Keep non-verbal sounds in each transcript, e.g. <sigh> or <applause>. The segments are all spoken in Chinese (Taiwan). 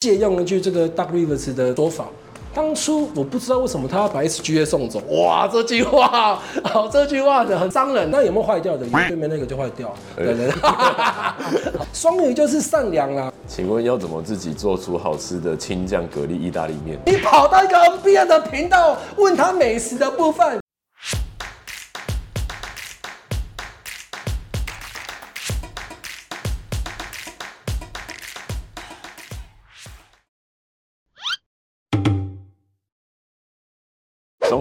借用一句這個 Doc Rivers 的說法，當初我不知道為什麼他要把 SGA 送走。哇，這句話，好，這句話的很傷人。那有沒有壞掉的？因為對面那個就壞掉。 <laughs> 對哈對哈對！雙 <laughs> <laughs> 魚就是善良啦、啊。請問要怎麼自己做出好吃的青醬蛤蜊意大利麵？你跑到一個 NBA 的頻道，問他美食的部分。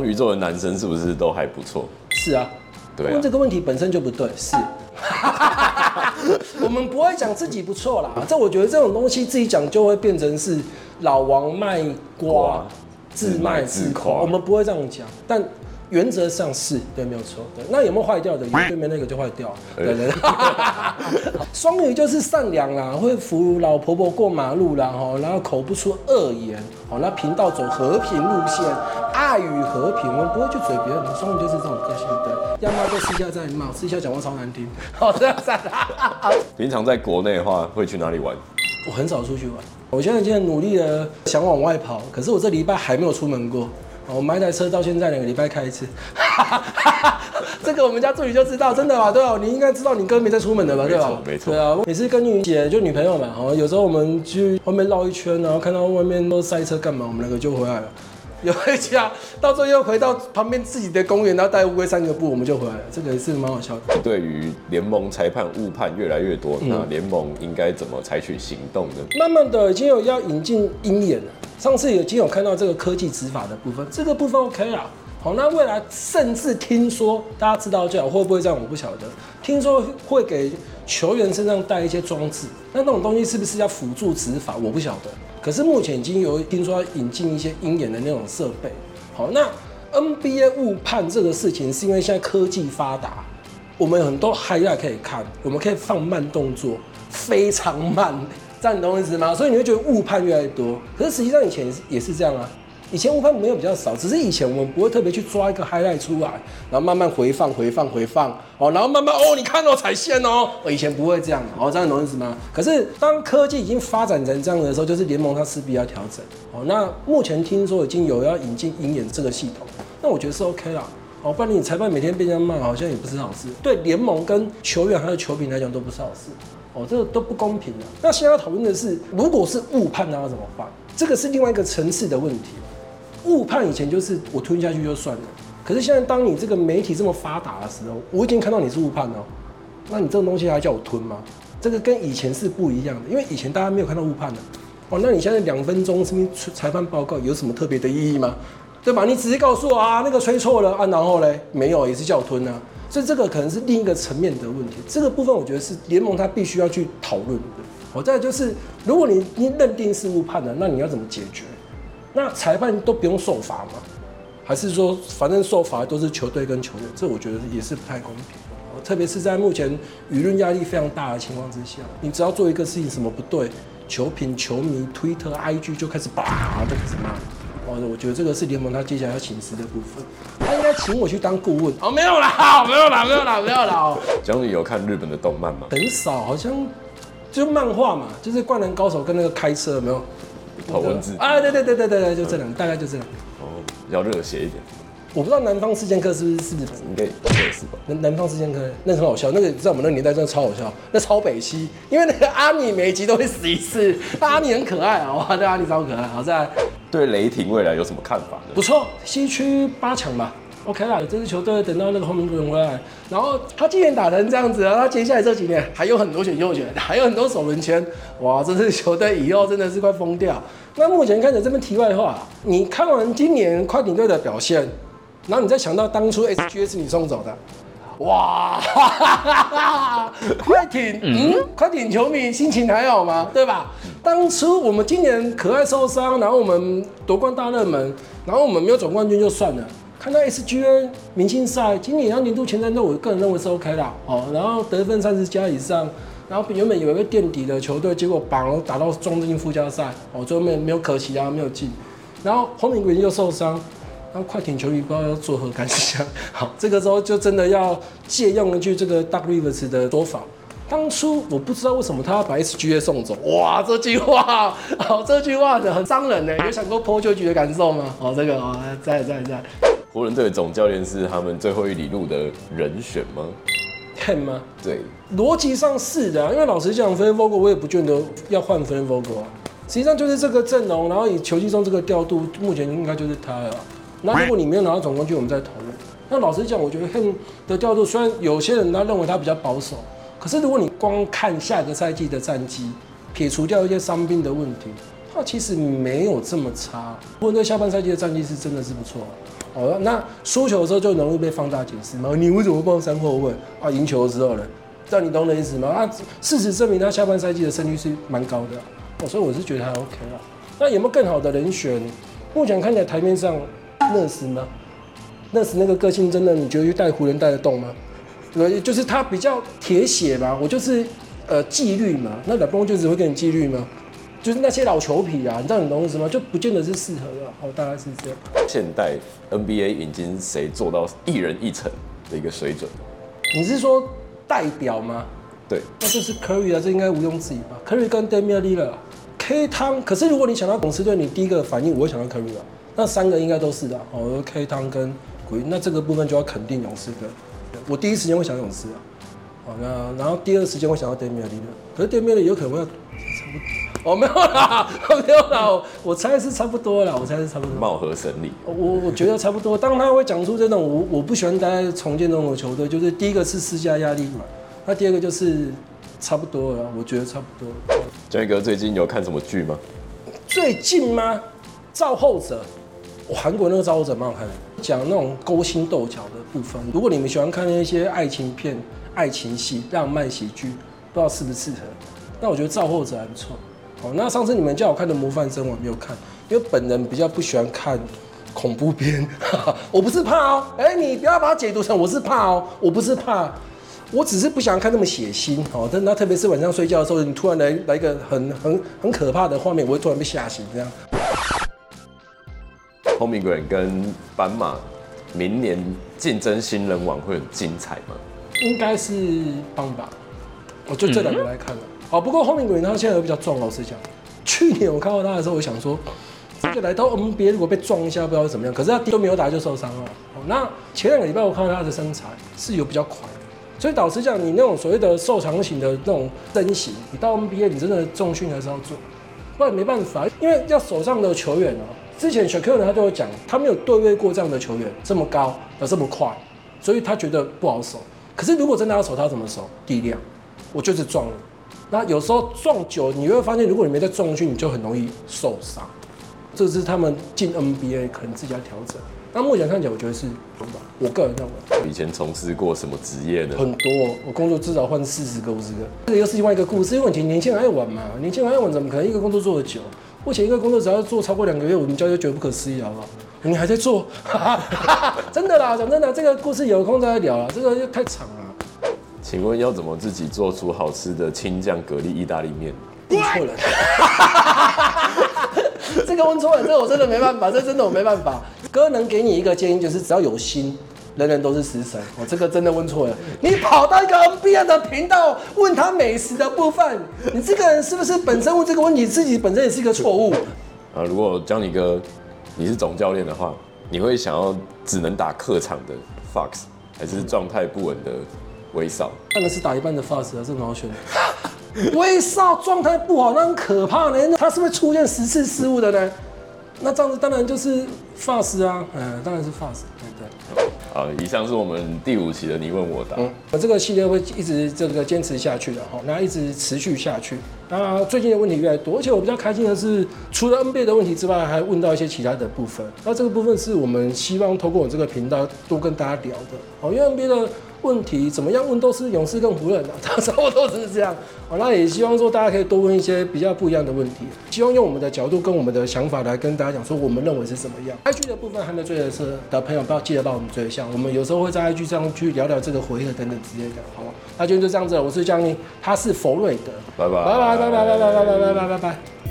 宇宙的男生是不是都還不錯？是啊，對啊。問這個問題本身就不對，是。 <laughs> <laughs> 我們不會講自己不錯啦，這我覺得這種東西自己講就會變成是老王賣瓜，瓜，自賣自誇。我們不會這樣講，但。原則上是，對，沒有錯。那有沒有壞掉的？對面那個就壞掉。欸、對對對。 <laughs> 雙魚就是善良啦，會扶老婆婆過馬路啦，吼，然後口不出惡言，吼，那頻道走和平路線，愛與和平，我們不會去嘴別人。雙魚就是這種個性，對。要罵就私下再罵，私下講話超難聽。好，這樣子。平常在國內的話，會去哪裡玩？我很少出去玩。我現在現在努力的想往外跑，可是我這禮拜還沒有出門過。我買一台車到現在兩個禮拜開一次，哈哈哈。這個我們家助理就知道，真的吧？對吧、啊？你應該知道你哥沒在出門的吧對？對吧？沒錯，對啊，每次跟你姐就女朋友嘛，好，有時候我們去外面繞一圈，然後看到外面都塞車幹嘛，我們兩個就回來了。有一家，到最後又回到旁邊自己的公園，然後帶烏龜散個步，我們就回來了。這個也是蠻好笑的。對於聯盟裁判誤判越來越多，那聯盟應該怎麼採取行動呢？嗯，慢慢的已經有要引進鷹眼了，上次已經有看到這個科技執法的部分，這個部分 OK 啊。好，那未來甚至聽說大家知道這樣會不會這樣我不曉得。聽說會給球員身上帶一些裝置，那那種東西是不是要輔助執法？我不曉得。可是目前已經有聽說要引進一些鷹眼的那種設備。好，那 NBA 誤判這個事情，是因為現在科技發達，我們有很多 highlight 可以看，我們可以放慢動作，非常慢，這樣你懂我意思嗎？所以你會覺得誤判越來越多。可是實際上以前也是這樣啊。以前誤判沒有比較少，只是以前我們不會特別去抓一個 highlight 出來，然後慢慢回放、回放、回放，哦，然後慢慢哦，你看到、哦、踩線哦，哦，以前不會這樣，哦，這樣你懂意思嗎？可是當科技已經發展成這樣的時候，就是聯盟它勢必要調整，哦，那目前聽說已經有要引進、鷹眼這個系統，那我覺得是 OK 啦，哦，不然你裁判每天變這樣罵好像也不是好事，對聯盟跟球員還有球評來講都不是好事，哦，這個都不公平的。那現在要討論的是，如果是誤判那要怎麼辦？這個是另外一個層次的問題。誤判，以前就是我吞下去就算了，可是現在當你這個媒體這麼發達的時候，我已經看到你是誤判了，那你這種東西還叫我吞嗎？這個跟以前是不一樣的，因為以前大家沒有看到誤判的，哦，那你現在兩分鐘是不是裁判報告有什麼特別的意義嗎？對吧？你直接告訴我啊，那個吹錯了啊，然後嘞沒有也是叫我吞啊，所以這個可能是另一個層面的問題，這個部分我覺得是聯盟他必須要去討論的。哦。我再來就是，如果你，你認定是誤判了，那你要怎麼解決？那裁判都不用受罰嗎？還是說反正受罰都是球隊跟球員？這我覺得也是不太公平。特別是在目前輿論壓力非常大的情況之下，你只要做一個事情什麼不對，球評、球迷、推特、IG 就開始啪，就開始罵。哦，我覺得這個是聯盟他接下來要請辭的部分。他應該請我去當顧問。哦，沒有啦，沒有啦，沒有啦，沒有啦哦。Johnny 有看日本的動漫嗎？很少，好像就漫畫嘛，就是《灌籃高手》跟那個《開車》有沒有。頭文字啊，對對對對對對，就這兩個，嗯，大概就這兩個。哦，比較熱血一點。我不知道南方四劍客是不是，是不是，應該都沒有事吧。南南方四劍客，那是很好笑，那個在我們那個年代真的超好笑，那超北西，因為那個阿米每集都會死一次，阿米很可愛，哦，啊，吧？對，阿米超可愛，好在。對雷霆未來有什麼看法？呢？不錯，西區八強吧。OK 啦，這支球隊等到那個後門滾回來，然後他今年打成這樣子啊，他接下來這幾年還有很多選秀權，還有很多首輪籤，哇，這支球隊以後真的是快瘋掉。那目前看着這麼題外話，你看完今年快艇隊的表現，然後你再想到當初 SGA 是你送走的，哇，哈哈 <laughs> 快艇，嗯，mm -hmm. 快艇球迷心情還好嗎？對吧？當初我們今年可愛受傷，然後我們奪冠大熱門，然後我們沒有總冠軍就算了。那 SGA 明星賽，今年年度前三隊，我個人認為是 O K 的哦。然後得分三十加以上，然後原本有一個墊底的球隊，結果反打到闖進附加賽哦，最後面沒有可惜啊，沒有進。然後紅米鬼又受傷，然後快艇球迷不知道要作何感想。好，這個時候就真的要借用一句這個 Doc Rivers 的說法，當初我不知道為什麼他要把 SGA 送走，哇，這句話，好，這句話的很傷人呢、欸。有想過破球局的感受嗎？哦，這個哦、喔，在在在，在。湖人隊總教練是他們最後一里路的人選嗎？Ham 嗎？對，邏輯上是的、啊。因為老實講，Frank Vogel 我也不覺得要換 Frank Vogel，實際上就是這個陣容，然後以球季中這個調度，目前應該就是他了、啊。那如果你沒有拿到總冠軍，我們再投入。那老實講，我覺得 Ham 的調度，雖然有些人他認為他比較保守，可是如果你光看下個賽季的戰績，撇除掉一些傷病的問題，他其實沒有這麼差。湖人隊下半賽季的戰績是真的是不錯、啊。好了，那輸球的時候就容易被放大檢視嗎？你為什麼幫三貨問啊？贏球之後呢？讓你懂我的意思嗎？啊，事實證明他下半賽季的勝率是蠻高的、啊哦，所以我是覺得他 OK 了、啊。那有沒有更好的人選？目前看起來台面上，樂斯嗎？樂斯那個個性真的你覺得帶湖人帶得動嗎？對，就是他比較鐵血吧。我就是呃紀律嘛，那老東就只會給你紀律嗎？就是那些老球皮啊，你知道很多什嗎？就不見得是適合了、啊。好、oh,，大概是這樣。現代 NBA 已經誰做到一人一城的一個水準？你是說代表嗎？對，那就是 Curry 啊，這應該毋庸置疑吧？Curry 跟 Damian Lillard K. 湯。可是如果你想到勇士隊，你第一個反應我會想到 Curry 啊。那三個應該都是的。哦，K. 湯跟鬼，那這個部分就要肯定勇士了。我第一時間會想勇士啊。哦，那然後第二時間會想到 Damian Lillard 可是 Damian Lillard 有可能會要。我、哦、沒，沒有啦，我沒有啦，我猜是差不多啦，我猜是差不多。貌合神離。我我覺得差不多。當他會講出這種，我我不喜歡待在重建中的球隊，就是第一個是施加壓力嘛。那第二個就是差不多了，我覺得差不多。江一哥最近有看什麼劇嗎？最近嗎？《造後者》，我韓國那個《造後者》蠻好看的，講那種勾心鬥角的部分。如果你們喜歡看那些愛情片、愛情戲、浪漫喜劇，不知道適不適合。那我覺得《造後者》還不錯。哦，那上次你們叫我看的《模範生》，我沒有看，因為本人比較不喜歡看恐怖片。我不是怕哦、喔，哎、欸，你不要把它解讀成我是怕哦、喔，我不是怕，我只是不想看那麼血腥。哦、喔，但那特別是晚上睡覺的時候，你突然來來一個很很很可怕的畫面，我會突然被嚇醒這樣。Holmgren 跟《斑馬》，明年競爭新人王會很精彩嗎？應該是棒吧，我就這兩個來看了。嗯好，不過 Holmgren 他現在又比較壯。老實講，去年我看到他的時候，我想說，這個來到 NBA 如果被撞一下，不知道怎麼樣。可是他都沒有打就受傷了。那前兩個禮拜我看到他的身材是有比較寬，所以老實講，你那種所謂的瘦長型的那種身形，你到 NBA 你真的重訓還是要做，不然沒辦法，因為要守上的球員呢、喔，之前雪克呢，他就會講，他沒有對位過這樣的球員，這麼高又這麼快，所以他覺得不好守。可是如果真的要守，他怎麼守？力量，我就是撞了。那有時候撞久，你會發現，如果你沒再撞去，你就很容易受傷。這是他們進 NBA 可能自己要調整。那目前看起來，我覺得是中吧。我個人認為。以前從事過什麼職業的，很多，我工作至少換四十個五十個。這個又是另外一個故事，因為以前年輕人愛玩嘛，年輕人愛玩怎麼可能一個工作做得久？目前一個工作只要做超過兩個月，我們就覺得不可思議好不好？你還在做？ <laughs> 真的啦，講真的，這個故事有空再聊了，這個又太長了。請問要怎麼自己做出好吃的青醬蛤蜊意大利麵？問錯了， <laughs> 這個問錯了，這個我真的沒辦法，這個、真的我沒辦法。哥能給你一個建議，就是只要有心，人人都是食神。我這個真的問錯了。你跑到一個 NBA 的頻道問他美食的部分，你這個人是不是本身問這個問題，自己本身也是一個錯誤。啊，如果 Johnny 哥你是總教練的話，你會想要只能打客場的 Fox，還是狀態不穩的，威少，那個是打一半的 FOX 啊，是怎麼選的？威 <laughs> 少狀態不好，那很可怕呢。他是不是出現十次失誤的呢？那這樣子當然就是 FOX 啊，嗯，當然是 FOX 對不對？好，以上是我們第五期的你問我答。嗯，我這個系列會一直這個堅持下去的哈，那一直持續下去。那最近的問題越來越多，而且我比較開心的是，除了 NBA 的問題之外，還問到一些其他的部分。那這個部分是我們希望透過我這個頻道多跟大家聊的，好，因為 NBA 的。問題怎麼樣問都是勇士跟湖人啊，當時我都是這樣。好，那也希望說大家可以多問一些比較不一樣的問題，希望用我們的角度跟我們的想法來跟大家講說我們認為是怎麼樣。嗯、I G 的部分還沒追的、嗯、的朋友不要記得幫我們追一下，我們有時候會在 I G 上去聊聊這個回合等等之類的。好，那今天就這樣子了，我是 Johnny，他是弗瑞德，拜拜拜拜拜拜拜拜拜拜拜拜。